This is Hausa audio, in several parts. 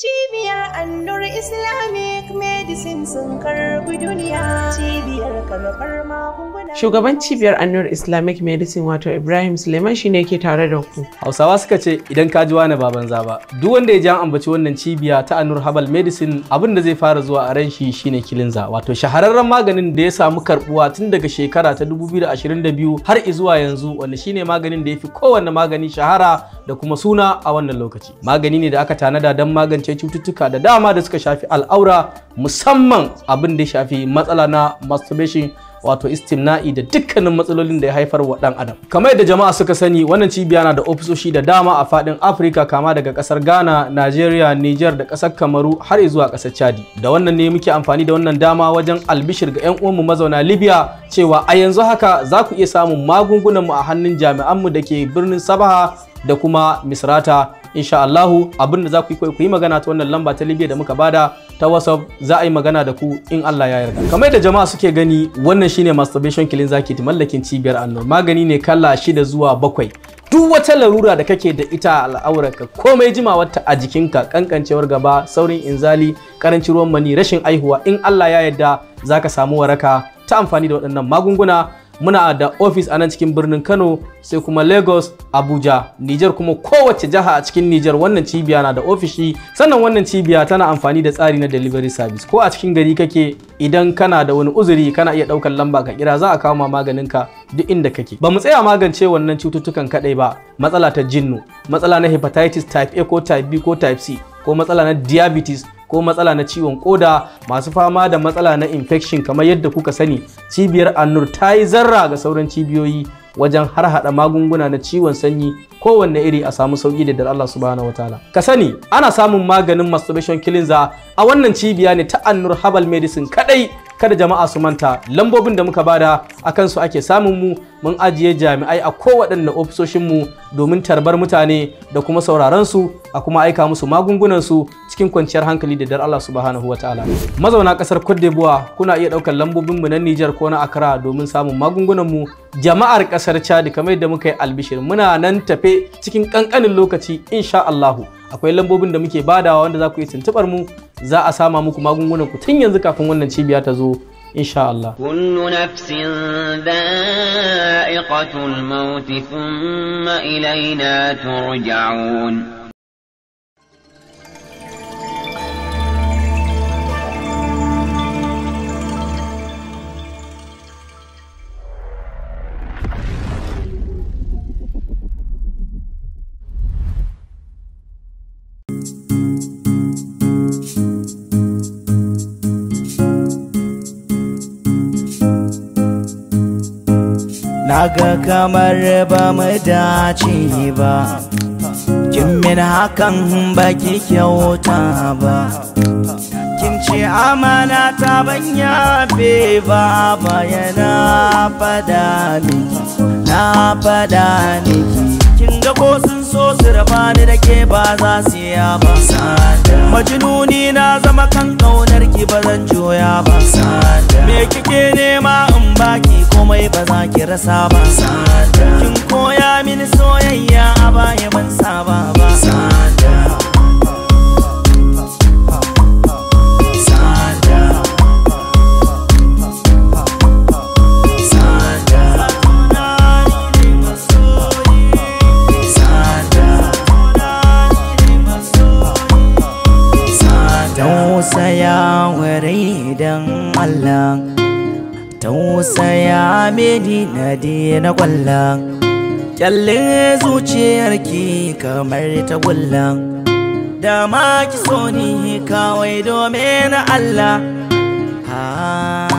Cibiyar Annur Islamic Medicine sun karbi duniya cibiyar karɓar magunguna. Shugaban cibiyar Annur Islamic Medicine wato Ibrahim Suleiman shi ne ke tare da ku. Hausawa suka ce idan ka ji wani baban zaba. Duk wanda ya ji an ambaci wannan cibiya ta Annur Herbal Medicine abin da zai fara zuwa a ran shi shine kilinza wato shahararren maganin da ya samu karbuwa tun daga shekara ta 2022 har zuwa yanzu wanda shine maganin da ya fi kowanne magani shahara da kuma suna a wannan lokaci. Magani ne da aka tanada don magance bincike cututtuka da dama da suka shafi al'aura musamman abin da ya shafi matsala na masturbation wato istimna'i da dukkanin matsalolin da ya haifar wa dan adam kamar yadda jama'a suka sani wannan cibiya na da ofisoshi da dama a fadin afirka kama daga kasar ghana nigeria niger da kasar kamaru har zuwa kasar chadi da wannan ne muke amfani da wannan dama wajen albishir ga 'yan uwanmu mazauna libya cewa a yanzu haka za ku iya samun magungunanmu a hannun jami'anmu da ke birnin sabaha da kuma misrata insha Allahu abin da za ku yi ku yi magana ta wannan lamba ta Libya da muka bada ta WhatsApp za a yi magana da ku in Allah ya yarda kamar yadda jama'a suke gani wannan shine masturbation killing zaki ta mallakin cibiyar annor magani ne kala shida zuwa bakwai duk wata larura da kake da ita a al'aurarka komai jimawarta a jikinka kankancewar gaba saurin inzali karancin ruwan mani rashin aihuwa in Allah ya yarda zaka samu waraka ta amfani da waɗannan magunguna muna da ofis a nan cikin birnin kano sai kuma lagos abuja niger kuma kowace jiha a cikin niger wannan cibiya na da ofishi sannan wannan cibiya tana amfani da tsari na delivery service ko a cikin gari kake idan kana da wani uzuri kana iya ɗaukar lamba ka kira za a kawo ma maganinka duk inda kake ba mu tsaya magance wannan cututtukan kadai ba matsala ta jinnu matsala na hepatitis type a ko type b ko type c ko matsala na diabetes ko matsala na ciwon koda masu fama da matsala na infection kamar yadda kuka sani cibiyar annur ta yi zarra ga sauran cibiyoyi wajen har hada magunguna na ciwon sanyi kowanne iri a samu sauki da Allah subhanahu wataala ka sani ana samun maganin masturbation cleanser a wannan cibiya ne ta annur herbal medicine kadai kada jama'a su manta lambobin da muka bada a kansu ake samun mu mun ajiye jami'ai a kowaɗanne ofisoshin mu domin tarbar mutane da kuma sauraron su a kuma aika musu magungunan su cikin kwanciyar hankali da dar Allah subhanahu wataala mazauna kasar Cote d'Ivoire kuna iya ɗaukar lambobin mu na Niger ko na Accra domin samun magungunan mu jama'ar kasar Chad kamar yadda muka yi albishir muna nan tafe cikin kankanin lokaci insha Allahu akwai lambobin da muke badawa wanda za ku yi tuntubar mu za a sama muku magungunan ku tun yanzu kafin wannan cibiya ta zo insha Allah kullu nafsin dha'iqatul maut thumma ilayna turja'un naga kamar ba mu dace ba kin min hakan ba ki kyauta ba kin ce amana ta ban yafe ba bayana fada ni na fada ni kin ga ko sun so su raba ni da ke ba za su ya ba majinuni na zama kan kaunar ki ba zan joya ba me kike nema in baki komai ba za ki rasa ba kin koya mini soyayya a baya ban saba ba Tausaya Allah tausaya mini na dina kwallon kyalle zuciyarki kamar ta gullan da ma ki so ni kawai domin Allah ha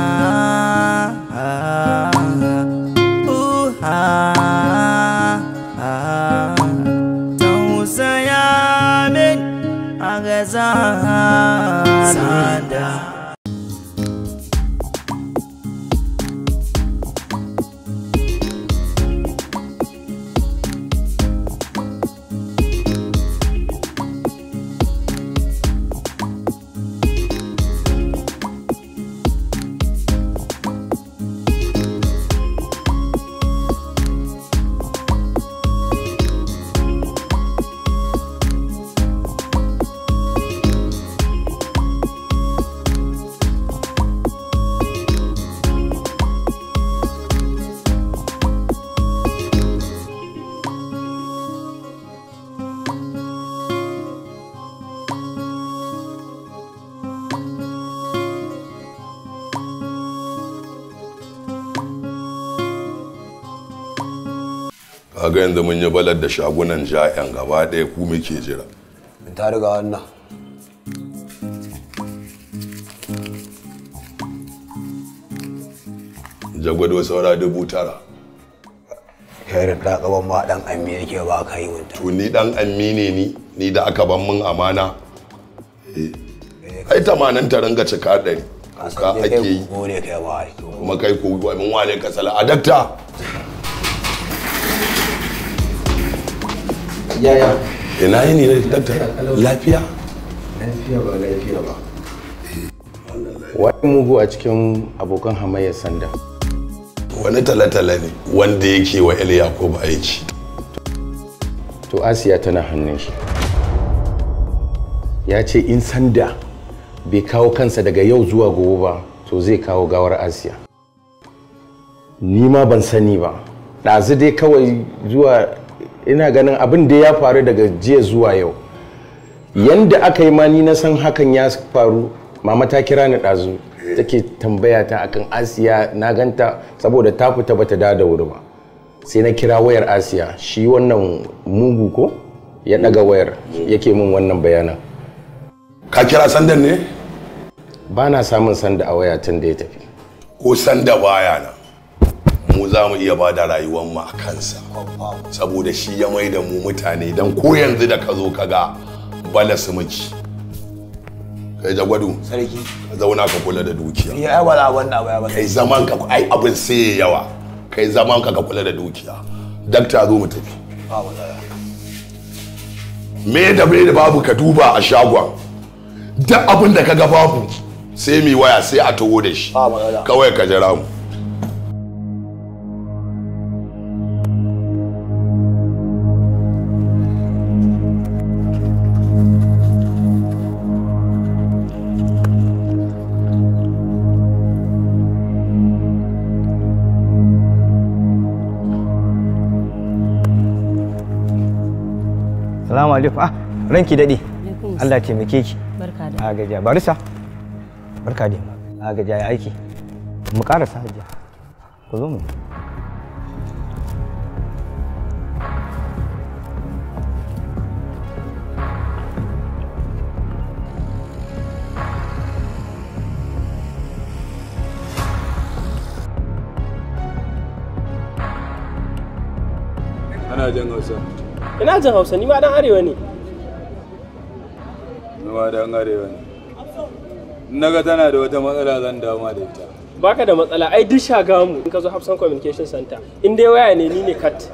kaga yanzu mun yi balar da shagunan ja'yan gaba ɗaya ku muke jira ta riga wannan jagwado saura dubu tara kairin da kaban ma dan ammi yake ba ka yi wanta to ni dan ammi ne ni ni da aka ban mun amana eh, ai tamanin ta ringa cika ɗari ka ake yi kuma kai ko mun wane ka sala adakta yaya ina yi ne dakta lafiya lafiya ba lafiya ba wani mugu a cikin abokan hamayyar sanda wani talatala ne wanda yake wa el yakubu aiki to asiya tana hannun shi ya ce in sanda bai kawo kansa daga yau zuwa gobe ba to zai kawo gawar asiya ni ma ban sani ba ɗazu dai kawai zuwa ina ganin abin da ya faru daga jiya zuwa yau yanda aka yi mani na san hakan ya faru mama ta kira ni ɗazu take tambaya ta akan asiya na ganta saboda ta fita bata da da wuri ba sai na kira wayar asiya shi wannan mugu ko ya ɗaga wayar yake min wannan bayanan ka kira sandan ne ba na samun sanda a waya tun da ya tafi ko sanda baya na mu za mu iya bada rayuwar mu a kansa saboda shi ya mai da mu mutane don ko yanzu da ka zo ka ga bala su miki kai jagwado sarki ka zauna ka kula da dukiya ai wala ba ba kai zaman ka ai abin sai yawa kai zaman ka ka kula da dukiya dakta zo mu tafi ba me da me da babu ka duba a shagon duk abin da ka ga babu sai mi waya sai a taho da shi kawai ka jira mu salamu alaikum ah ranki daɗi Allah ya taimake ki barka da agaja barisa barka da agaja ya aiki mu karasa hajiya ku zo mu ana jan hausa ina jin hausa ni ma dan arewa ne ni ma dan arewa ne naga tana da wata matsala zan dama da ita baka da matsala ai duk shaga mu in ka zo Hafsan Communication Center in dai waya ne ni ne cut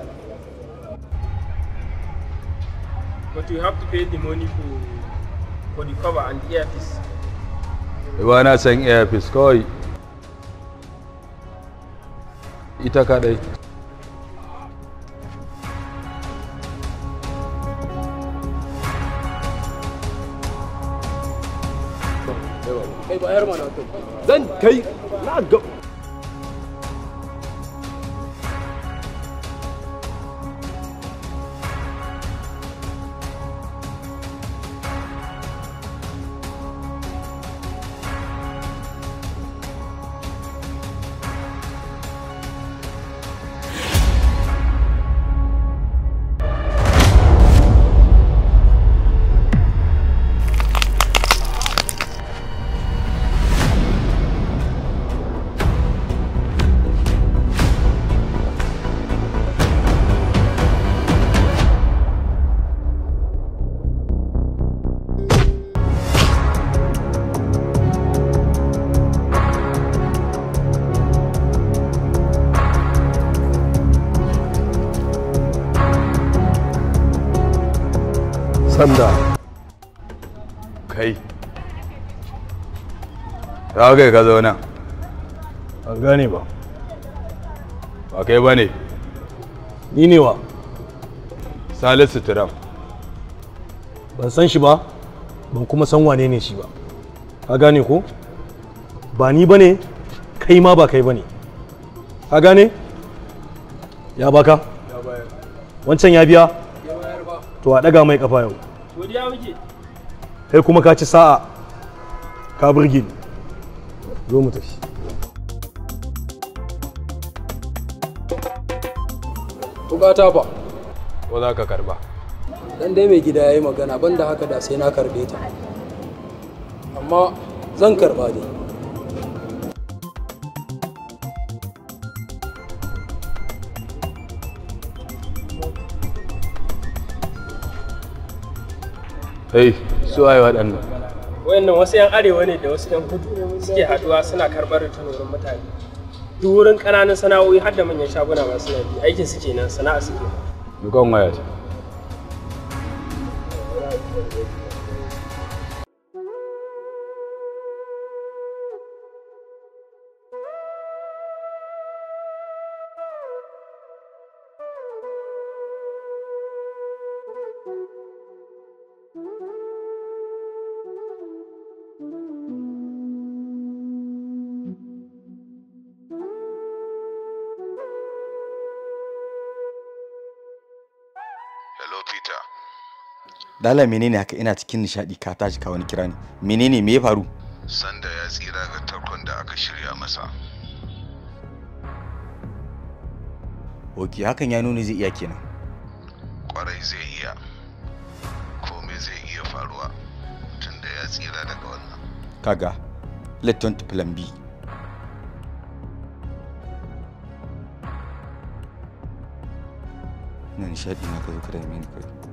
but you have to pay the money for for the cover and the earpiece ba na san earpiece kawai ita kadai 可以。ka kai ka zo nan an gane ba ba kai ba ne ni ne wa salisu turam ban san shi ba ban kuma san wane ne shi ba ka gane ko ba ni ba ne kai ma ba kai ba ne ka gane ya baka wancan ya biya to a daga mai kafa yau kai kuma ka ci sa'a ka burge ni zo mu tafi bukata fa ko za ka karba dan dai mai gida yayi magana banda haka da sai na karbe ta amma zan karba dai Hey, su ai waɗannan. wayannan wasu yan arewa ne da wasu yan kudu suke haduwa suna karɓar rikin wurin mutane duk wurin ƙananan sana'o'i har da manyan shaguna masu nabi aikin su kenan sana'a suke. Dukan waya ce. Lala menene haka ina cikin nishadi ka tashi ka wani kira ne. Menene me ya faru? Sanda ya tsira ga tarkon da aka shirya masa. Ok, hakan ya nuna zai iya kenan. Kwarai zai iya. Komai zai iya faruwa tunda ya tsira daga wannan. Kaga, Letton Plan B. ina nishadi na ka zo ka dame ni kai.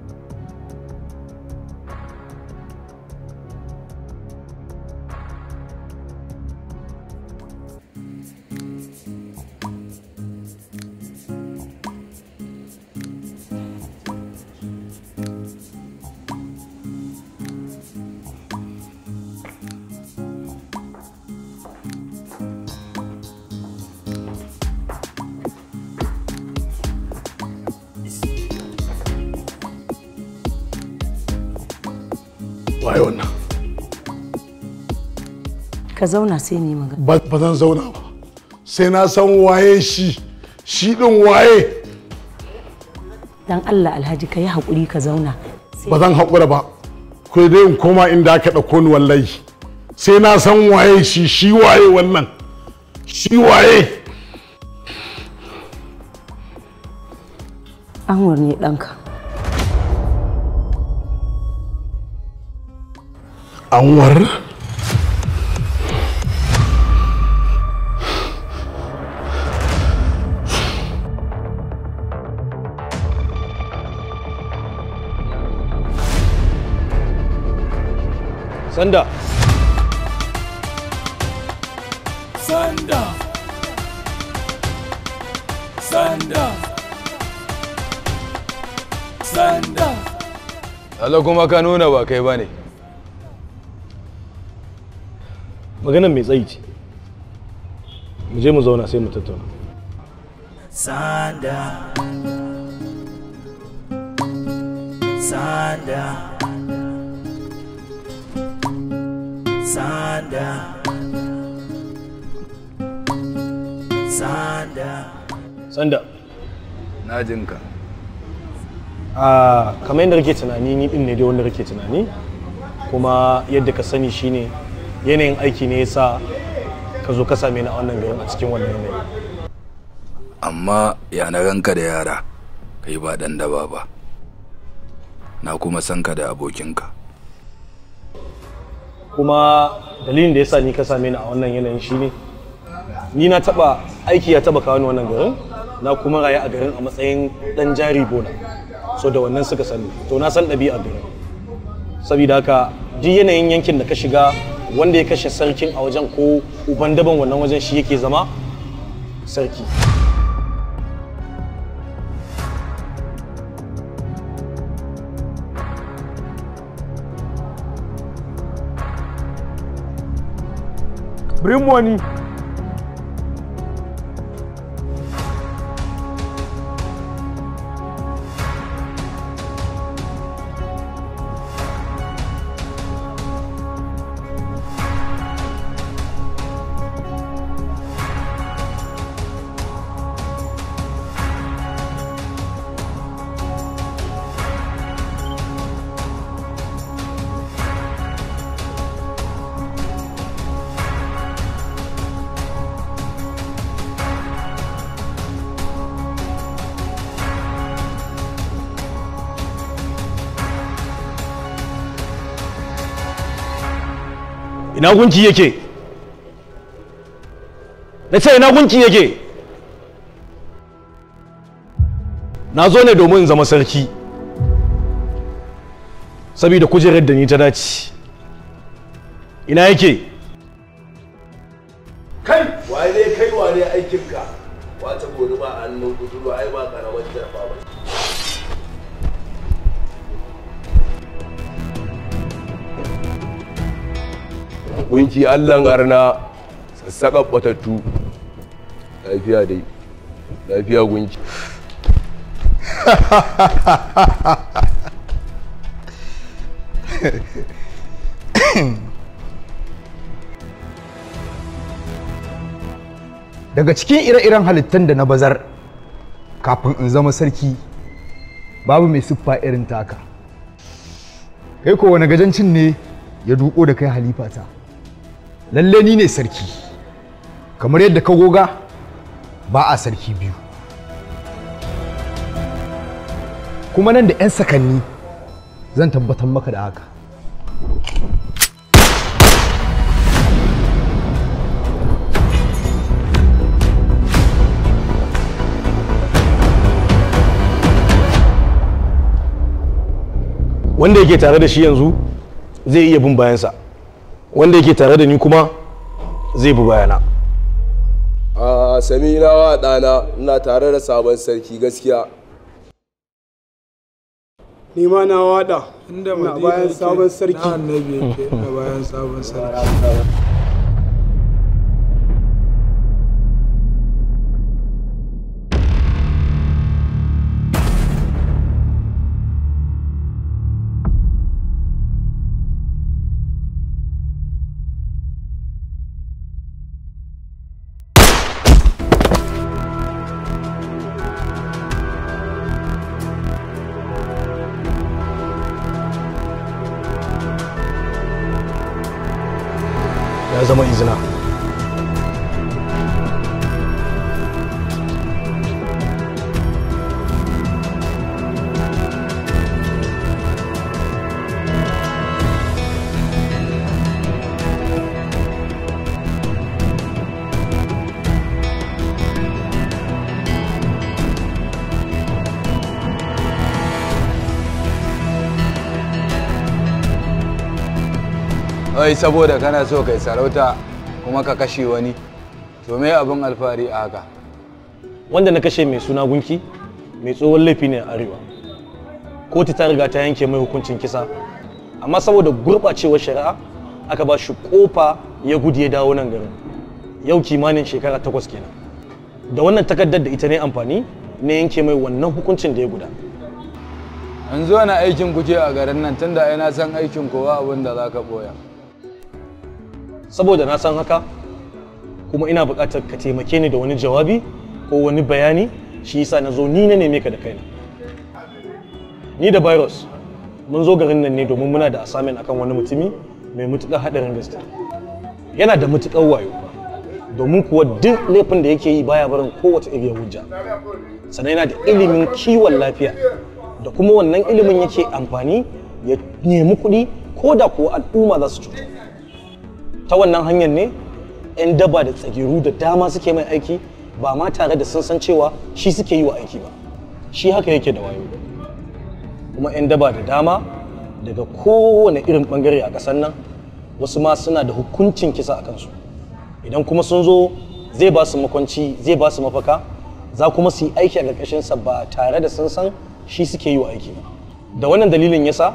a wannan ka zauna sai ni magana ba zan zauna ba sai na san waye shi shi din waye dan Allah alhaji ka yi haƙuri ka zauna ba zan haƙura ba kai dai in koma inda aka ɗauko ni wallahi sai na san waye shi shi waye wannan shi waye an ne ɗanka anwar sanda sanda sanda sanda Allah kuma ka nuna ba kai ba ne. maganar mai tsayi ce mu je mu zauna sai mu tattauna sada sanda na jinka a kamar yadda kake tunani ni din ne dai wanda kake tunani kuma yadda ka sani shine yanayin aiki ne yasa ka zo ka same ni a wannan garin a cikin wannan yanayi amma ya na ranka da yara kai ba dan daba ba na kuma san ka da abokinka kuma dalilin da yasa ni ka same ni a wannan yanayin shine ni na taba aiki ya taba kawo ni wannan garin na kuma rayu a garin a matsayin dan jari bola so da wannan suka sani to na san ɗabi'a garin saboda haka duk yanayin yankin da ka shiga wanda ya kashe sarkin a wajen ko uban daban wannan wajen shi yake zama sarki brimoni ina gunki yake na ce ina gunki yake na zo ne domin in zama sarki saboda kujerar da ni ta dace ina yake kunci allan arna lafiya dai lafiya kunci daga cikin ire-iren halittun da na bazar kafin in zama sarki babu mai siffa irin taka kai ko wani gajancin ne ya duko da kai halifata lalle ni ne sarki kamar yadda ka goga ba a sarki biyu kuma nan da 'yan sakanni zan tabbatar maka da haka wanda yake tare da shi yanzu zai iya bin bayansa wanda yake tare da ni kuma zai bi bayana a sami na wa ɗana na tare da sabon sarki gaskiya ni ma na wada inda bayan sabon sarki na annabi yake bayan sabon sarki saboda kana so kai sarauta kuma ka kashe wani to me abin alfahari a haka wanda na kashe mai suna gunki mai tsohon laifi ne a arewa kotu ta riga ta yanke mai hukuncin kisa amma saboda gurɓacewar shari'a aka ba shi kofa ya gudu ya dawo nan garin yau kimanin shekara takwas kenan da wannan takardar da ita ne amfani ne yanke mai wannan hukuncin da ya guda an zo na aikin kuje a garin nan tunda ai na san aikin kowa abin da za ka boya saboda na san haka kuma ina buƙatar ka taimake ni da wani jawabi ko wani bayani shi yasa na zo ni na neme ka da kaina ni da virus mun zo garin nan ne domin muna da assignment akan wani mutumi mai mutukar haɗarin gaske yana da mutukar wayo domin kuwa duk laifin da yake yi baya barin kowace iriya hujja sannan yana da ilimin kiwon lafiya da kuma wannan ilimin yake amfani ya nemi kuɗi ko da kuwa al'umma za su cutu ta wannan hanyar ne 'yan daba da tsagiru da dama suke mai aiki ba ma tare da sun cewa shi suke yi wa aiki ba shi haka yake da wayo kuma 'yan daba da dama daga kowane irin bangare a ƙasar nan wasu ma suna da hukuncin kisa a kansu idan kuma sun zo zai ba su makwanci zai ba su mafaka za kuma su yi aiki a sa ba tare da sun san shi suke yi wa aiki ba da wannan dalilin yasa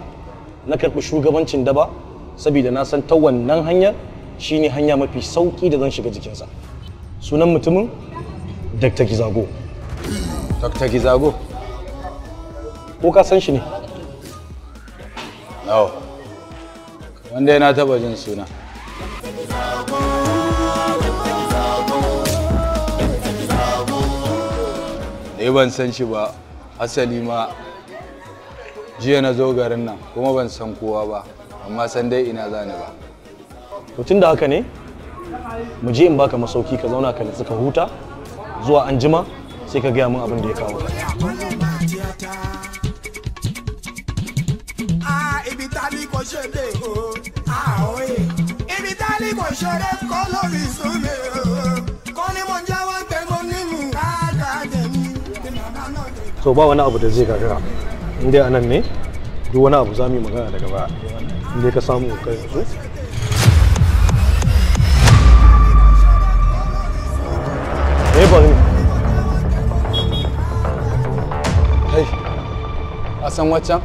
na karɓi shugabancin daba saboda na san ta wannan hanyar Shi ne hanya mafi sauƙi da zan shiga jikinsa sunan mutumin dr gizago dr gizago ko ka san shi ne no wanda yana taba jin suna eh ban san shi ba asali ma jiya na zo garin nan kuma ban san kowa ba amma san dai ina zane ba to tunda haka ne mu je in baka masauki ka zauna ka nutsu ka huta zuwa anjima sai ka gaya min abin da ya kawo ka so ba wani abu da zai gagara in dai anan ne duk wani abu za mu yi magana daga baya in dai ka samu kai su a san waccan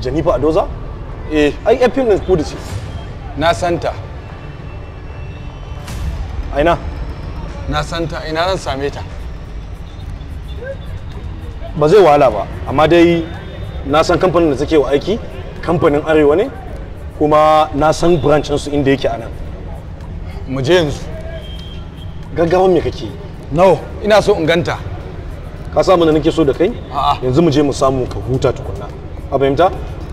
janifa adoza eh ai yan fim din ku da ce na santa aina na santa ina zan same ta ba zai wahala ba amma dai na san kamfanin da suke wa aiki kamfanin arewa ne kuma na san branchin su inda yake a nan mu je yanzu Gaggawa me kake no ina so in ganta ka samu da nake so da kai yanzu mu je mu samu ka huta tukunna a fahimta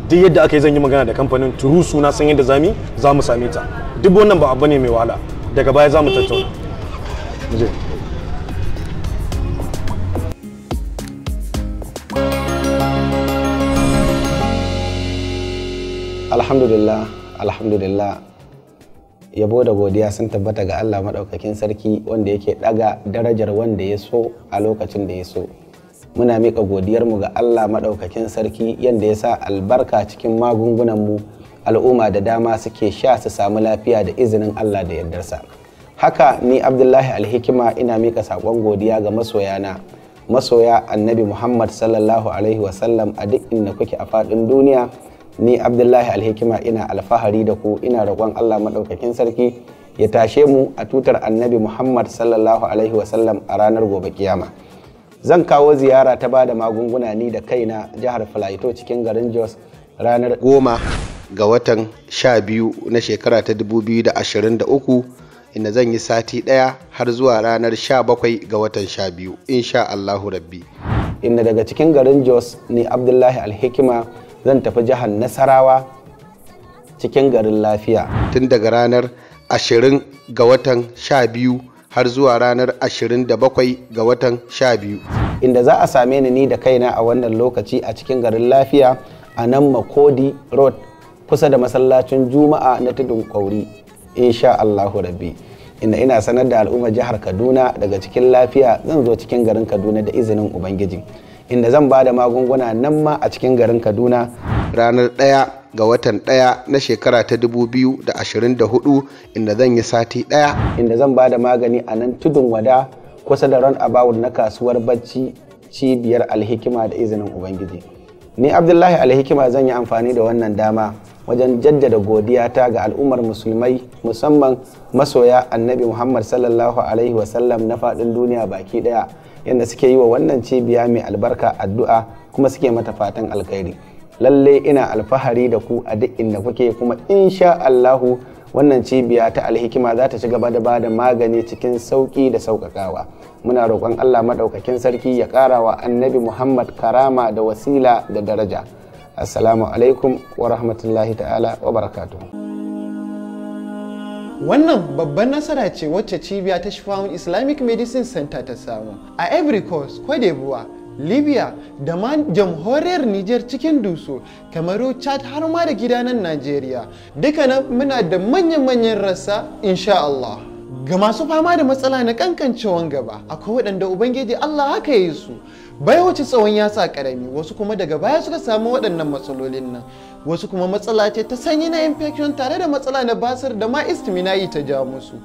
duk yadda aka yi zan yi magana da kamfanin turu suna san yadda zami za mu same ta duk wannan ba abu ne mai wahala daga baya za mu tattauna alhamdulillah alhamdulillah yabo da godiya sun tabbata ga Allah maɗaukakin sarki wanda yake ɗaga darajar wanda ya so a lokacin da ya so muna miƙa godiyarmu ga Allah maɗaukakin sarki yadda ya sa albarka cikin magungunanmu al'umma da dama suke sha su samu lafiya da izinin Allah da yardarsa haka ni abdullahi alhikima ina mika saƙon godiya ga masoyana masoya annabi muhammad sallallahu alaihi wasallam a duk inda kuke a faɗin duniya ni abdullahi alhikima ina alfahari da ku ina roƙon allah maɗaukakin sarki ya tashe mu a tutar annabi muhammad sallallahu alaihi wasallam a ranar gobe kiyama zan kawo ziyara ta bada magunguna ni da kaina jihar filaito cikin garin jos ranar goma ga watan sha biyu na shekara ta dubu biyu da da ashirin uku inda zan yi sati ɗaya har zuwa ranar sha bakwai ga watan sha biyu insha allahu rabbi inda daga cikin garin jos ni abdullahi alhikima zan tafi jihar nasarawa cikin garin lafiya tun daga ranar 20 ga watan 12 har zuwa ranar 27 ga watan 12 inda za a same ni ni da kaina a wannan lokaci a cikin garin lafiya a nan makodi road kusa da masallacin juma'a na tudun kwauri insha allahu rabbi inda ina sanar da al'ummar jihar kaduna daga cikin lafiya zan zo cikin garin kaduna da izinin ubangiji inda zan ba da magunguna nan ma a cikin garin kaduna ranar ɗaya ga watan ɗaya na shekara ta 2024 inda zan yi sati ɗaya inda zan ba da magani a nan tudun wada kusa da ran abawul na kasuwar bacci cibiyar alhikima da izinin ubangiji ni abdullahi alhikima zan yi amfani da wannan dama wajen jaddada godiyata ga al'ummar musulmai musamman masoya annabi muhammad sallallahu alaihi wasallam na faɗin duniya baki ɗaya yadda suke yi wa wannan cibiya mai albarka addu'a kuma suke mata fatan alkhairi lalle ina alfahari da ku a duk inda kuke kuma insha Allahu wannan cibiya ta alhikima za ta ci gaba da ba da magani cikin sauki da sauƙaƙawa muna roƙon Allah maɗaukakin sarki ya ƙara wa annabi Muhammad karama da wasila da daraja assalamu alaikum wa rahmatullahi ta'ala wa barakatuhu wannan babban nasara ce wacce cibiya ta shifawun islamic medicine center ta samu a ivory coast d'Ivoire, libya da ma jamhuriyar niger cikin duso kamaru chad har ma da gidanan najeriya nan muna da manyan-manyan rasa insha Allah. ga masu fama da matsala na kankancewan gaba akwai waɗanda ubangiji Allah haka yi su bai wuce tsawon yasa karami wasu kuma daga baya suka samu waɗannan matsalolin nan wasu kuma matsala ce ta sanyi na infection tare da matsala na basir da ma istimina'i ta ja musu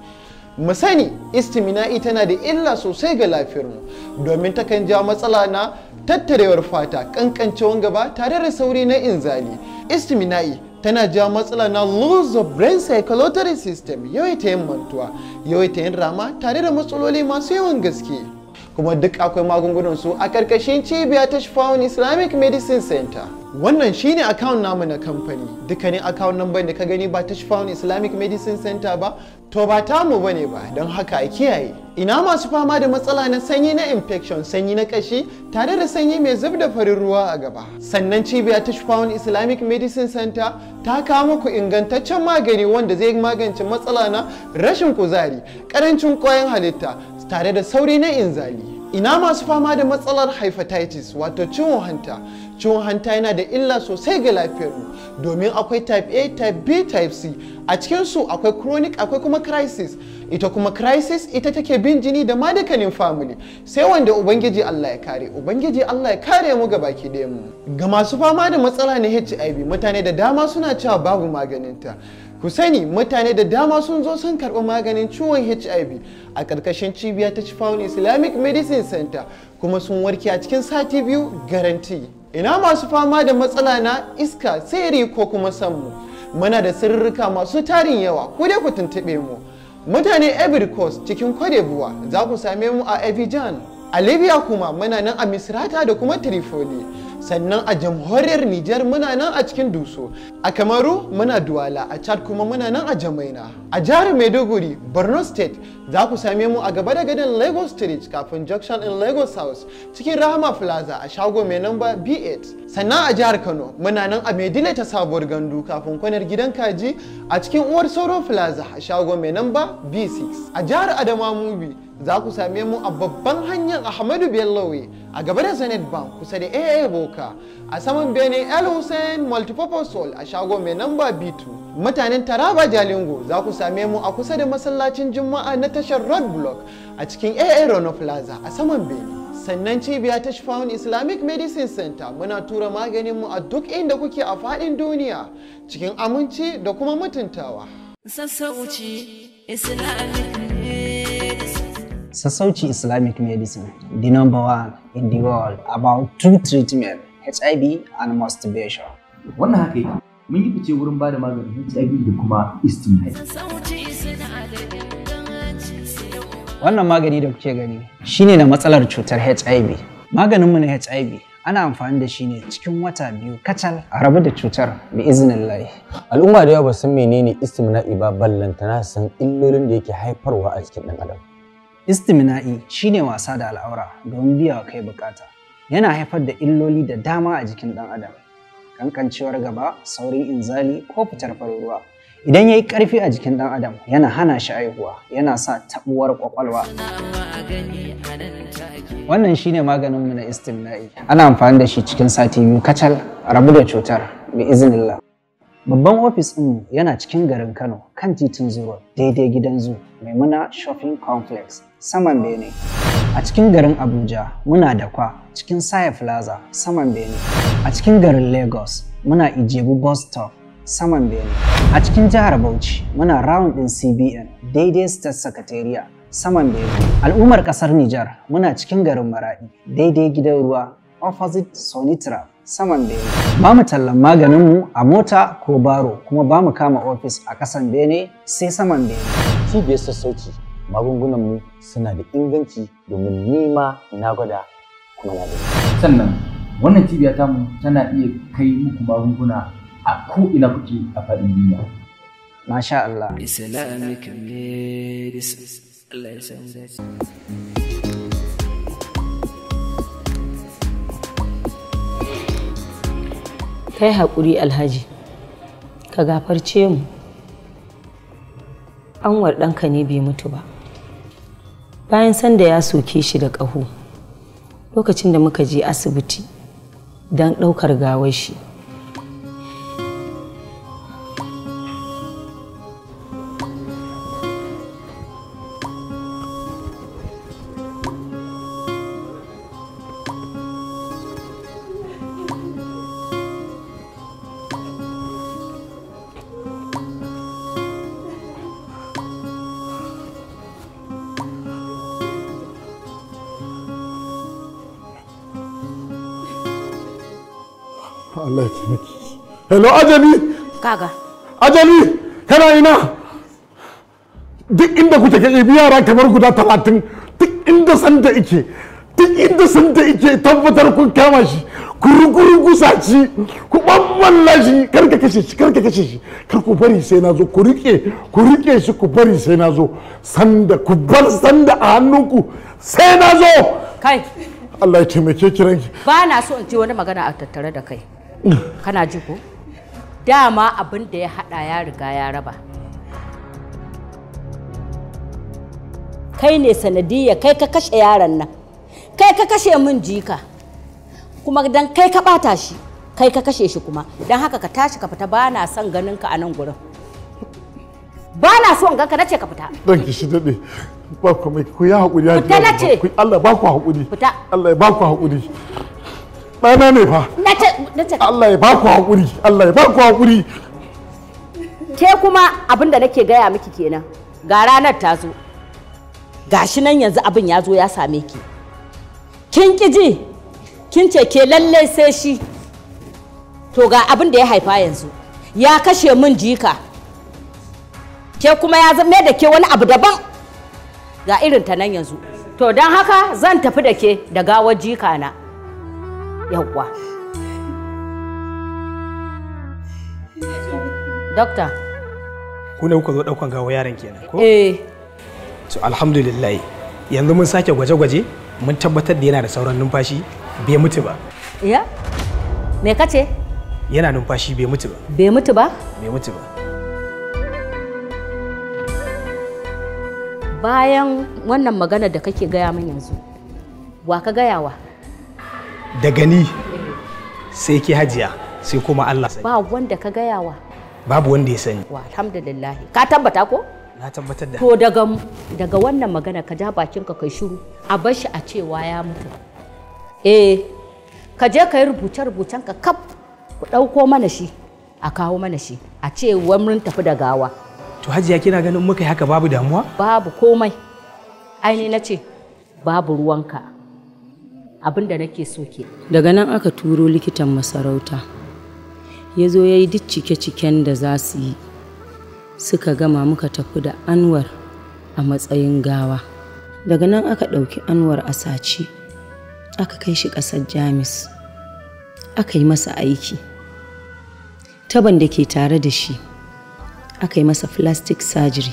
mu sani istimina'i tana da illa sosai ga lafiyar lafiyarmu domin ta kan ja matsala na tattarewar fata kankancewan gaba tare da sauri na inzali istimina'i tana ja matsala na loss of brain circulatory system yawaita yin mantuwa yawaita yin rama tare da matsaloli masu yawan gaske kuma duk akwai magungunan su a karkashin cibiya ta Shifawun Islamic Medicine Center. Wannan shine account namu na kamfani. Duka ne account number da ka gani ba ta Shifawun Islamic Medicine Center ba, to ba tamu bane ba, don haka a kiyaye. Ina masu fama da matsala na sanyi na infection, sanyi na kashi, tare da sanyi mai zub da farin ruwa a gaba. Sannan cibiya ta Shifawun Islamic Medicine Center ta kawo muku ingantaccen magani wanda zai magance matsala na rashin kuzari, karancin ƙwayan halitta, tare da sauri na inzali ina masu fama da matsalar hepatitis wato ciwon hanta ciwon hanta yana da illa sosai ga lafiyarmu domin akwai type a type b type c a cikinsu akwai chronic akwai kuma crisis ita kuma crisis ita take bin jini da madakanin family sai wanda ubangiji allah ya kare ubangiji allah ya kare mu ga baki ɗaya mu ga masu fama da matsala na hiv mutane da dama suna cewa babu maganinta ku sani mutane da dama sun zo sun karɓi maganin ciwon hiv a ƙarƙashin cibiya ta Chifawun islamic medicine center kuma sun warke a cikin sati biyu garanti ina masu fama da matsala na iska tsere ko kuma sanmu muna da sirrika masu tarin yawa ku dai ku tuntuɓe mu mutane every coast cikin kwadebuwa za ku same mu a abidjan a libya kuma muna nan a misrata da kuma trifoli sannan a jamhuriyar Nijar muna nan a cikin Duso a Kamaru muna Duwala a Chad kuma muna nan a Jamaina a jihar Maiduguri Borno State za ku same mu a gaba da gadon Lagos Street kafin Junction in Lagos House cikin Rahama Plaza a shago mai namba B8 sannan a jihar Kano muna nan a Maidile ta sabuwar gandu kafin kwanar gidan kaji a cikin Uwar Soro Plaza a shago mai namba B6 a jihar Adamawa movie. za ku same mu a babban hanyar Ahmadu Bellowe a gaba da Zenith Bank kusa da AA Boka a saman Bene El Hussein Multipurpose a shago mai namba B2. Mutanen Taraba Jalingo za ku same mu a kusa da masallacin Juma'a na tashar Road Block a cikin AA Rono Plaza a saman Bene. sannan cibiya ta Shifahun Islamic Medicine Center muna tura maganin mu a duk inda kuke a fadin duniya cikin aminci da kuma mutuntawa. Sassauci Islamic Sassauci Islamic medicine, the number one in the world about true treatment, HIV and masturbation. Wannan haka yi, mun yi fice wurin ba maganin HIV da kuma Wannan magani da kuke gani shine na matsalar cutar HIV. Maganinmu na HIV ana amfani da shi ne cikin wata biyu kacal a rabu da cutar bi izinin layi. Al'umma da yawa ba san menene istimna'i ba ballantana san illolin da yake haifarwa a cikin ɗan adam. Istimina'i shine wasa da al'aura domin biya wa kai bukata. Yana haifar da illoli da dama a jikin ɗan adam. Kankancewar gaba, saurin inzali ko fitar farin Idan ya yi ƙarfi a jikin ɗan adam yana hana shi aihuwa, yana sa taɓuwar ƙwaƙwalwa. Wannan shine maganinmu na istimna'i. Ana amfani da shi cikin sati biyu kacal, rabu da cutar, bi iznillah. Babban ofis ɗin yana cikin garin Kano kan titin Zuro daidai gidan zu Maimuna Shopping Complex saman Bene. A cikin garin Abuja muna da kwa cikin Saya Plaza saman Bene. A cikin garin Lagos muna Ijebu Bus Stop saman Bene. A cikin jihar Bauchi muna round ɗin CBN daidai State Secretariat saman Bene. Al'ummar ƙasar Nijar muna cikin garin Maradi daidai gidan ruwa opposite Sonitra saman bene. Ba mu tallan maganinmu a mota ko baro kuma ba mu kama ofis a kasan bene sai saman bene. Cibiyar sassauci magungunanmu suna da inganci domin nima na gwada kuma na da. Sannan wannan cibiya tamu tana iya kai muku magunguna a ina kuke a faɗin duniya. Masha Allah. Allah ya kai hakuri alhaji ka gafarce mu anwar ɗanka ne bai mutu ba bayan sanda ya soke shi da ƙaho lokacin da muka je asibiti don ɗaukar gawar shi hello ajali kaga ajali kana ina duk inda kuke ka ibi yara kamar guda talatin duk inda sanda ike duk inda sanda ike tabbatar kun kama shi ku rugusa shi ku ɓammalla shi karka kashe shi karka kashe shi kar ku bari sai na zo ku rike ku rike shi ku bari sai na zo sanda ku bar sanda a hannunku sai na zo kai Allah ya taimake ki ranki ba na so in ji wani magana a tattare da kai kana ji ko dama abin da ya hada ya riga ya raba kai ne sanadiya kai ka kashe yaron nan kai ka kashe min jika kuma dan kai ka bata shi kai ka kashe shi kuma don haka ka tashi ka fita ba na son ganin ka a nan gurin ba na son ganka na ce ka fita dan ki shi dade ba ku mai ku ya hakuri ya ku na ce Allah ba ku hakuri fita Allah ya ba ku hakuri. ɗana ne fa Allah ya baku hakuri Allah ya baku hakuri ke kuma abin da nake gaya miki kenan ga ranar ta zo gashi nan yanzu abin ya zo ya same ki kin kiji kin ce ke lalle sai shi to ga abin da ya haifa yanzu ya kashe min jika ke kuma ya zama da ke wani abu daban ga irin ta nan yanzu to don haka zan tafi da ke da gawar jika na yauwa dokta ku ne kuka zo daukan gawo yaron kenan ko eh to alhamdulillah yanzu mun sake gwaje-gwaje mun tabbatar da yana da sauran numfashi bai mutu ba ya me kace yana numfashi bai mutu ba bai mutu ba bai mutu ba bayan wannan magana da kake gaya min yanzu wa ka gaya wa da gani sai ke hajiya sai kuma Allah sani. ba wanda ka gaya wa babu wanda ya sani wa alhamdulillah ka tabbata ko na tabbatar da to daga daga wannan magana ka ja bakin ka kai shiru a bar shi a cewa ya mutu eh ka je ka yi rubuce rubucen ka kaf ku dauko mana shi a kawo mana shi a ce mun tafi da gawa to hajiya kina ganin muka yi haka babu damuwa babu komai aini na ce babu ruwanka abin da nake so ke daga nan aka turo likitan masarauta ya zo ya yi duk cike-ciken da za su yi suka gama muka tafi da anwar a matsayin gawa daga nan aka ɗauki anwar a sace aka kai shi ƙasar jamis aka yi masa aiki taban da ke tare da shi aka yi masa plastic surgery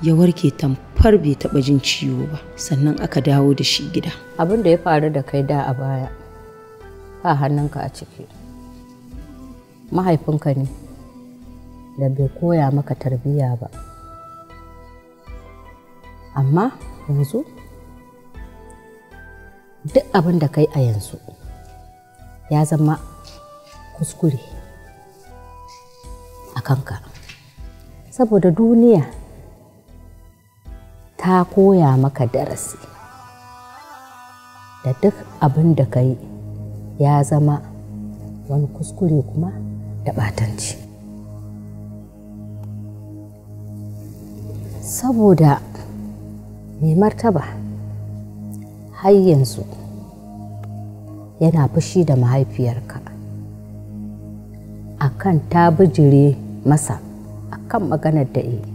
ya warke tamfar bai taɓa jin ciwo ba sannan aka dawo da shi gida abin da ya faru da kai da a baya ba hannunka a ciki mahaifinka ne da bai koya maka tarbiyya ba amma yanzu duk abin da kai a yanzu ya zama kuskure a kanka saboda duniya ta koya maka darasi da duk abin da ka yi ya zama wani kuskure kuma da ɓatanci. saboda mai martaba har yanzu yana fushi da mahaifiyarka A kan ta bijire masa akan maganar da yi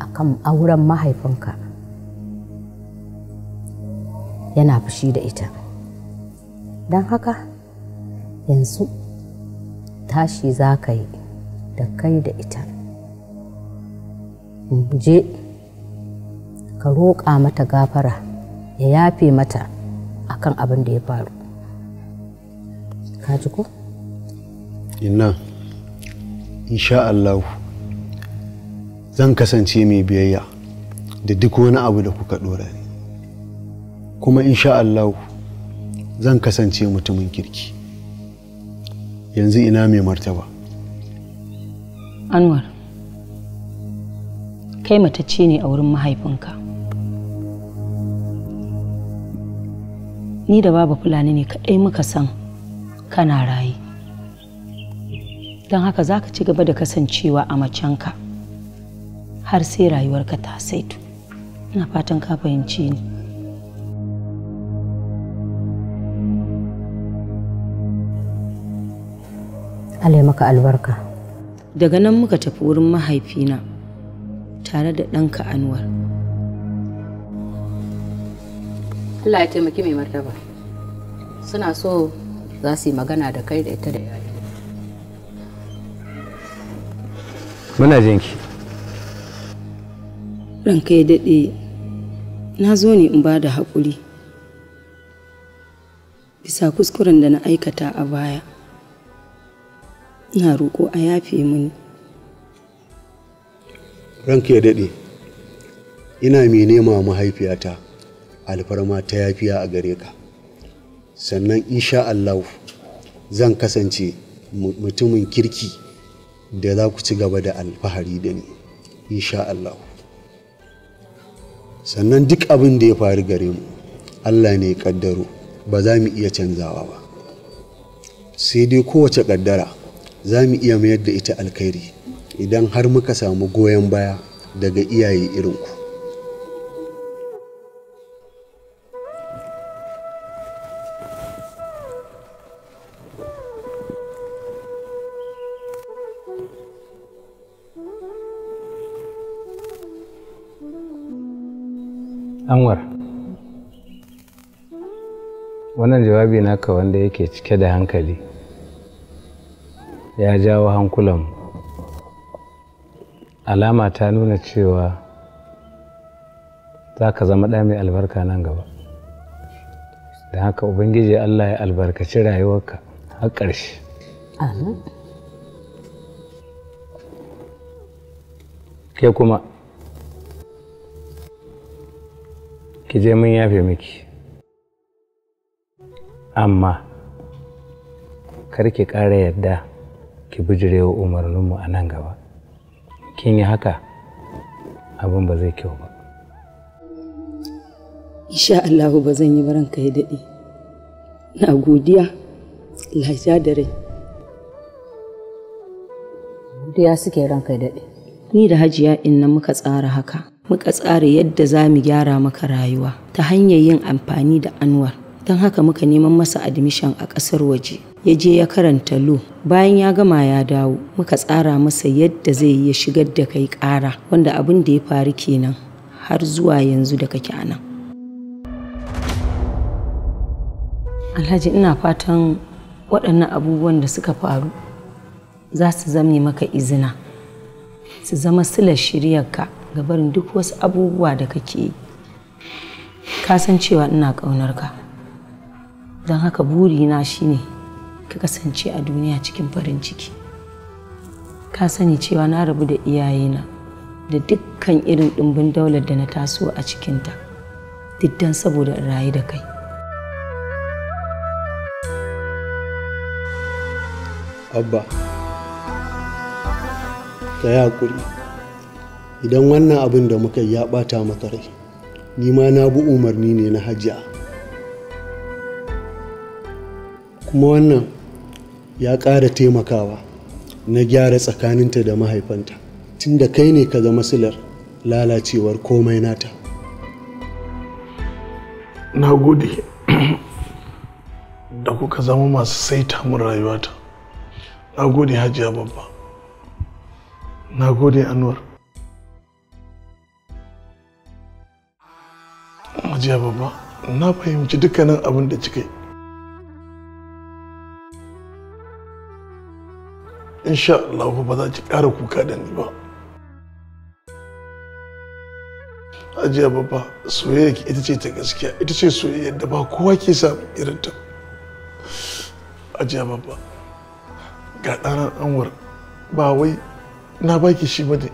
akan auren mahaifinka yana fushi da ita don haka yanzu tashi za ka yi da kai da ita je ka roƙa mata gafara ya yafe mata akan abin da ya faru ka ji ko? ina insha Allah zan kasance mai biyayya da duk wani abu da kuka ɗora ni kuma insha Allah zan kasance mutumin kirki yanzu ina mai martaba anwar kai matacce ne a wurin mahaifinka ni da baba fulani ne kaɗai muka san kana raye don haka za ka ci gaba da kasancewa a macenka. ka har sai rayuwarka ta saitu ina fatan ka fahimci ni Allah maka albarka daga nan muka tafi wurin mahaifina tare da ɗanka anwar Allah ya taimaki mai martaba suna so za su yi magana da kai da ita da yayi muna jinki ranka ya daɗe na zo ne in ba da haƙuri bisa kuskuren da na aikata a baya na roƙo a yafe mini ranka ya daɗe ina mai nema mahaifiyata alfarma ta yafiya a gare ka sannan insha Allah zan kasance mutumin kirki da za ku ci gaba da alfahari da ni insha Allah sannan duk abin da ya faru gare mu allah ne ya kaddaro ba za mu iya canzawa ba sai dai kowace kaddara za mu iya mayar da ita alkhairi idan har muka samu goyon baya daga iyaye irinku Anwar, wannan jawabi naka wanda yake cike da hankali ya jawo hankulan alama ta nuna cewa za ka zama ɗa mai albarka nan gaba. Da haka Ubangiji Allah ya albarkaci rayuwarka har ƙarshe. Ke kuma. ki je mun yafe miki amma kar ki ƙara yadda ki bijirewa umarninmu a nan gaba kin yi haka abin ba zai kyau ba insha Allahu ba zan yi baranka ya daɗe na godiya lafiya da rai godiya suke ranka ya daɗe ni da hajiya inna muka tsara haka muka tsara yadda za mu gyara maka rayuwa ta hanyar yin amfani da anwar don haka muka neman masa admission a ƙasar waje ya je ya karanta lo bayan ya gama ya dawo muka tsara masa yadda zai yi ya shigar da kai ƙara wanda abin da ya faru kenan har zuwa yanzu da kake anan alhaji ina fatan waɗannan abubuwan da suka faru za su zame maka izina su zama silar shiryarka ga barin duk wasu abubuwa da kake yi ka san cewa ina ƙaunar ka don haka burina shine ka kasance a duniya cikin farin ciki ka sani cewa na rabu da iyayena da dukkan irin ɗumbin daular da na taso a cikinta ta saboda in rayu da kai abba ta yi haƙuri idan wannan abin da muka ya bata maka rai ni ma na bi umarni ne na hajiya kuma wannan ya ƙara taimakawa na gyara tsakaninta da mahaifanta tunda kai ne ka zama silar lalacewar komai nata na gode da kuka zama masu saita min rayuwata na gode hajiya babba na gode anwar hajiya babba na fahimci dukkanin abin da kika yi insha Allah ba za ki ƙara kuka da ni ba hajiya babba soyayya ita ce ta gaskiya ita ce soyayya da ba kowa ke samu irin ta babba ga ɗanar anwar ba wai na baki shi ba ne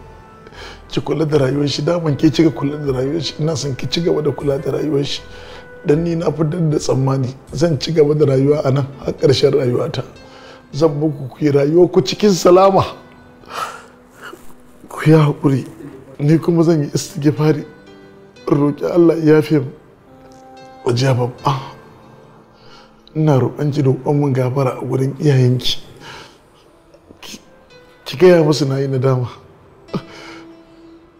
ci kula da rayuwar shi daman ke kika kula da rayuwar shi ina son ki ci gaba da kula da rayuwar shi dan ni na fitar da tsammani zan ci gaba da rayuwa a nan har ƙarshen rayuwata zan muku ku rayuwa ku cikin salama ku yi haƙuri ni kuma zan yi istighfari roƙi Allah ya fi mu waje babba ah. ina roƙon ki roƙon gafara a wurin iyayenki ki gaya musu na yi nadama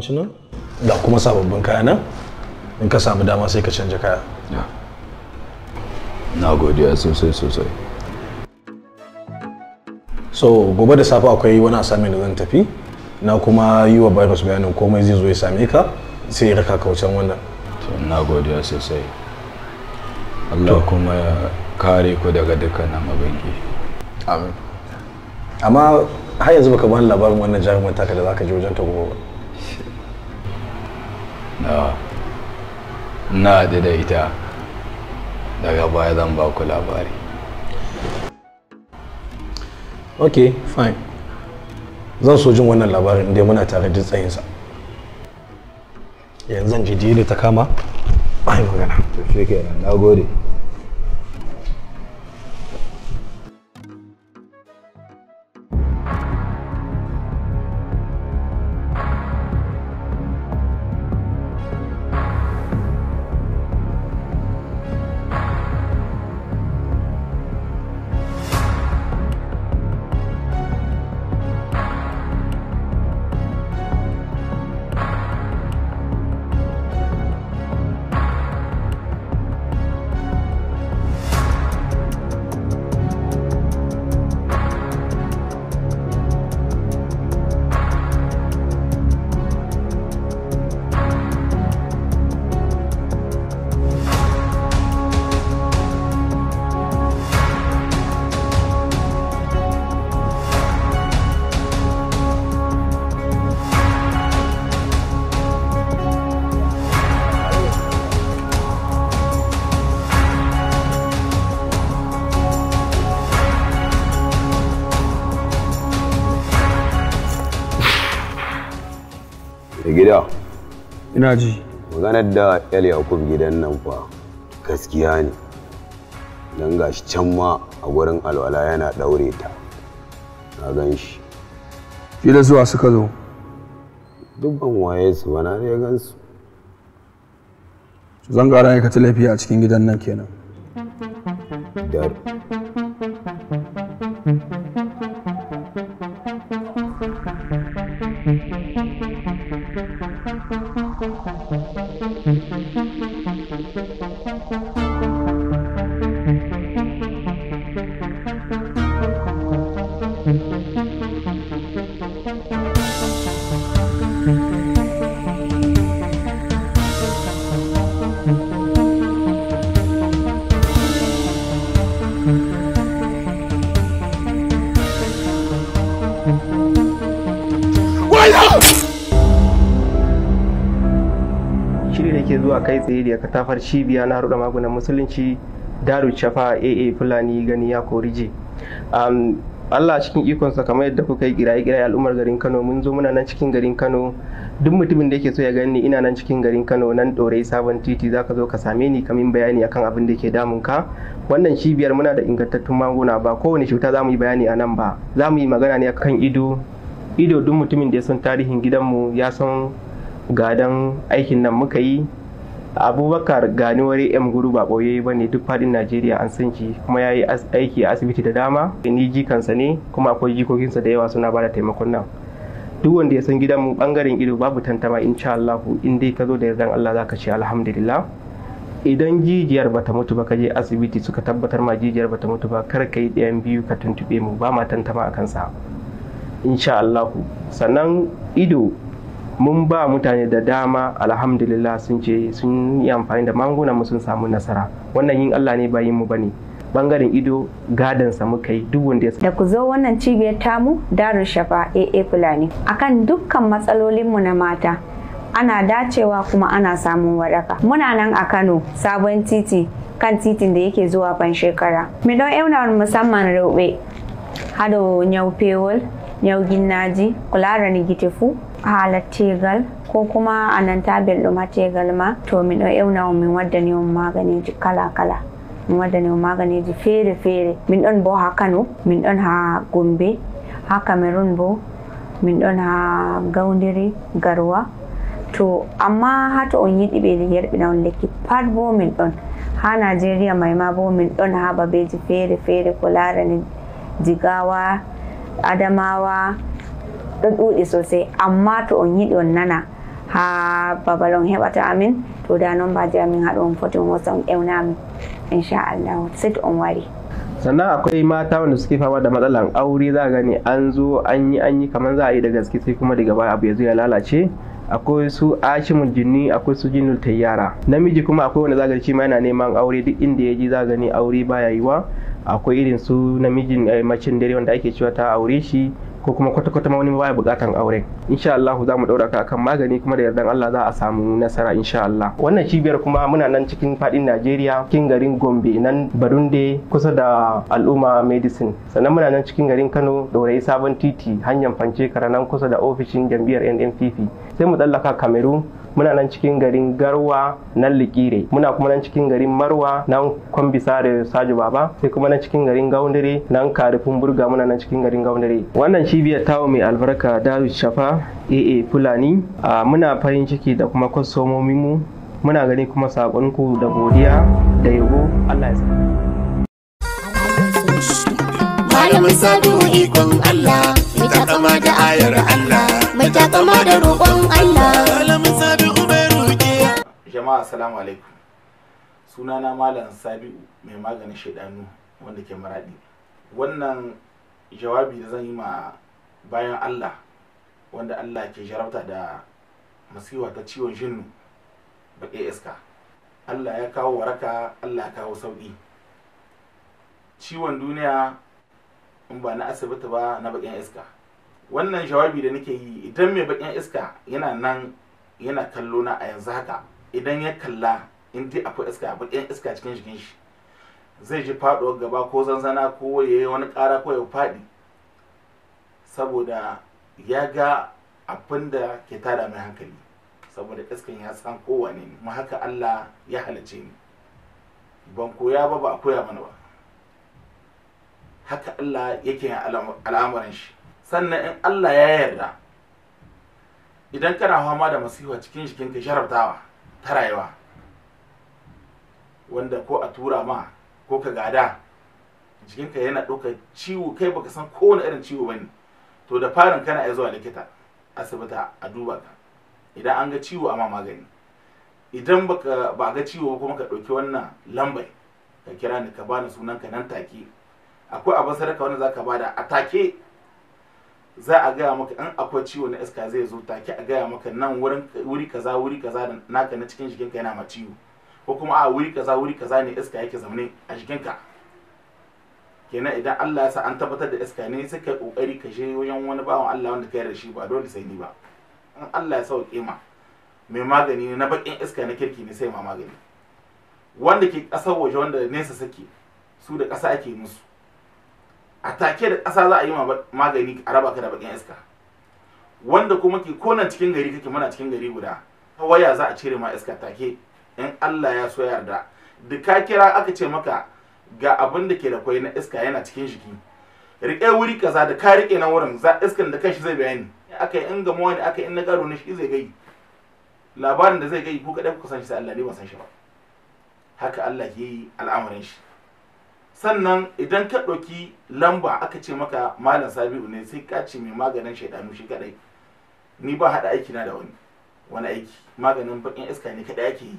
abinci nan da kuma sababbin kaya nan in ka samu dama sai ka canja kaya na godiya sosai sosai so gobe da safe akwai wani asami da zan tafi na kuma yi wa virus bayanin komai zai zo ya same ka sai ya raka kaucen wannan na godiya sosai Allah kuma ya kare ku daga dukkanin mabanki amin amma har yanzu baka bani labarin wannan jarumin taka da zaka je wajen ta gobe ba na da da ita daga baya zan ba ku labari ok fine zan so jin wannan labarin inda muna tare da tsayinsa yanzu ji da ta kama ai magana to shi gida ina ji maganar da el yakub gidan nan fa gaskiya ne don gashi can ma a gurin alwala yana ɗaure ta na gan shi Fila zuwa suka zo dubban waye su ba na ya gan su zan gara aikata laifi a cikin gidan nan kenan dar kai tsaye da katafar cibiya na haruɗa magunan musulunci daru shafa aa fulani gani ya korije Allah cikin ikonsa kamar yadda kuka yi kiraye kiraye al'ummar garin Kano mun zo muna nan cikin garin Kano duk mutumin da yake so ya gani ina nan cikin garin Kano nan dorai sabon titi zaka zo ka same ni kamin bayani akan abin da ke damun ka wannan cibiyar muna da ingantattun maguna ba kowane cuta za mu yi bayani a nan ba za mu yi magana ne akan ido ido duk mutumin da ya san tarihin gidanmu ya san gadan aikin nan muka yi abubakar gani wari m guru ba ɓoye ba ne duk faɗin najeriya an san shi kuma ya yi aiki a asibiti da dama ni jikansa ne kuma akwai jikokinsa da yawa suna ba da taimakon nan duk wanda ya san gidan mu bangaren ido babu tantama insha Allah in dai ka zo da yardan Allah zaka ce alhamdulillah idan jijiyar bata mutu ba ka je asibiti suka tabbatar ma jijiyar bata mutu ba kar ka yi ɗayan biyu ka tuntube mu ba ma tantama a kansa insha Allah sannan ido mun ba mutane da dama alhamdulillah sun ce sun yi amfani da magungunan mu sun samu nasara wannan yin Allah ne ba mu bane bangaren ido gadon sa muka yi duk wanda ya da ku zo wannan cibiyar tamu Darin shafa AA Fulani akan dukkan matsalolin mu na mata ana dacewa kuma ana samun waraka muna nan a Kano sabon titi kan titin da yake zuwa ban shekara Me don yauna musamman roɓe? hado nyau pewol nyau ginnaji kulara ni halattegal ko kuma a nan ta belɗum ha tegal ma to miɗo ewna on min waddani on maganiji kala kala min waddani on maganiji fere-fere min ɗon bo ha kano min ɗon ha gombe ha cameroon bo min ɗon ha gaudiri garwa to amma ha to on yiɗi ɓe yerɓina on lekki pat bo min ɗon ha Najeriya mai ma bo min ɗon ha babeji fere-fere ko larani jigawa adamawa don sosai amma to on yi don nana ha babalon amin to da nombaji amin haɗo on on insha Allah sit on wari sannan akwai mata wanda suke fama da matsalan aure za gani an zo an yi an yi kamar za a yi da gaske sai kuma daga baya abu ya zo ya lalace akwai su ashimul jinni akwai su jinnul tayyara namiji kuma akwai wanda za gani shi ma yana neman aure duk inda ya ji za gani aure baya yiwa akwai irin su namijin eh, macin dare wanda ake cewa ta aure shi ko kuma kwata-kwata wani baya bukatan aure insha Allah za mu dauraka akan magani kuma da yardan Allah za a samu nasara insha Allah wannan cibiyar kuma muna nan cikin fadin Najeriya cikin garin Gombe nan Barunde kusa da Al'umma Medicine sannan muna nan cikin garin Kano Dorayi Sabon Titi hanyar Fance nan kusa da ofishin jam'iyyar NNPP sai mu tsallaka Cameroon muna nan cikin garin garwa na likire muna kuma nan cikin garin marwa nan kwambisa da baba sai kuma nan cikin garin gaundare nan karifin burga muna nan cikin garin gaundare wannan cibiyar tawo mai albarka david shafa aa fulani ah, muna farin ciki da kuma mu muna gani kuma saƙonku da godiya da yabo allah ya sa malamin sadu ikon Allah, ita kama da ayar Allah. mai takama da roƙon Allah malamin sabi'u mai roƙe jama'a salamu alaikum sunana malam sabi'u mai maganin shaidanu wanda ke maradi wannan jawabi da zan yi ma bayan Allah wanda Allah ke jarabta da masiwa ta ciwon jinnu da iska Allah ya kawo waraka Allah ya kawo sauƙi ciwon duniya in ba na asibiti ba na baƙin iska wannan jawabi da nake yi idan mai bakin iska yana nan yana kallo na a yanzu haka idan ya kalla in dai akwai iska bakin iska cikin jikin shi zai ji faduwar gaba ko zanzana ko ya yi wani kara ko ya fadi saboda ya ga abin da ke tada mai hankali saboda iskan ya san kowane ne ma haka Allah ya halice ni ban koya ba ba a koya mana ba haka Allah yake yin al'amuran shi sannan in Allah ya yarda idan kana fama da masifa cikin jikinka sharaftawa ta rayuwa wanda ko a tura ma ko ka gada jikinka yana ɗaukar ciwo kai baka san kowane irin ciwo bane to da farin kana iya zuwa likita asibita a duba ka idan an ga ciwo amma magani idan baka ba ga ciwo kuma ka ɗauki wannan lambai ka kira ni ka bani sunanka ka nan take akwai abin sadaka wanda zaka bada a take za a gaya maka in akwai ciwo na iska zai zo take a gaya maka nan wuri kaza wuri kaza da naka na cikin jikinka yana ma ciwo ko kuma a wuri kaza wuri kaza ne iska yake zaune a jikinka kenan idan Allah ya sa an tabbatar da iska ne sai kai kokari ka je wajen wani bawan Allah wanda kai da shi ba dole sai ni ba in Allah ya sauke ma mai magani ne na bakin iska na kirki ne sai ma magani wanda ke kasar waje wanda nesa sake su da ƙasa ake musu a take da kasa za a yi magani a raba ka da bakin iska wanda kuma ke konan cikin gari kake muna cikin gari guda ta waya za a cire ma iska take in Allah ya so yarda da ka kira aka ce maka ga abin da ke da kwai na iska yana cikin jiki riƙe wuri kaza da ka riƙe na wurin za iskan da kanshi zai bayani aka yi in gamo aka yi in na karo na shi zai gai labarin da zai gai ku kaɗai kuka san shi sai Allah ne ba san shi ba haka Allah ke yi al'amarin shi sannan idan ka ɗauki lamba aka ce maka malam sabi'u ne sai ka ce mai maganin shaidanu shi kadai ni ba haɗa aiki na da wani wani aiki maganin bakin iska ne kadai ake yi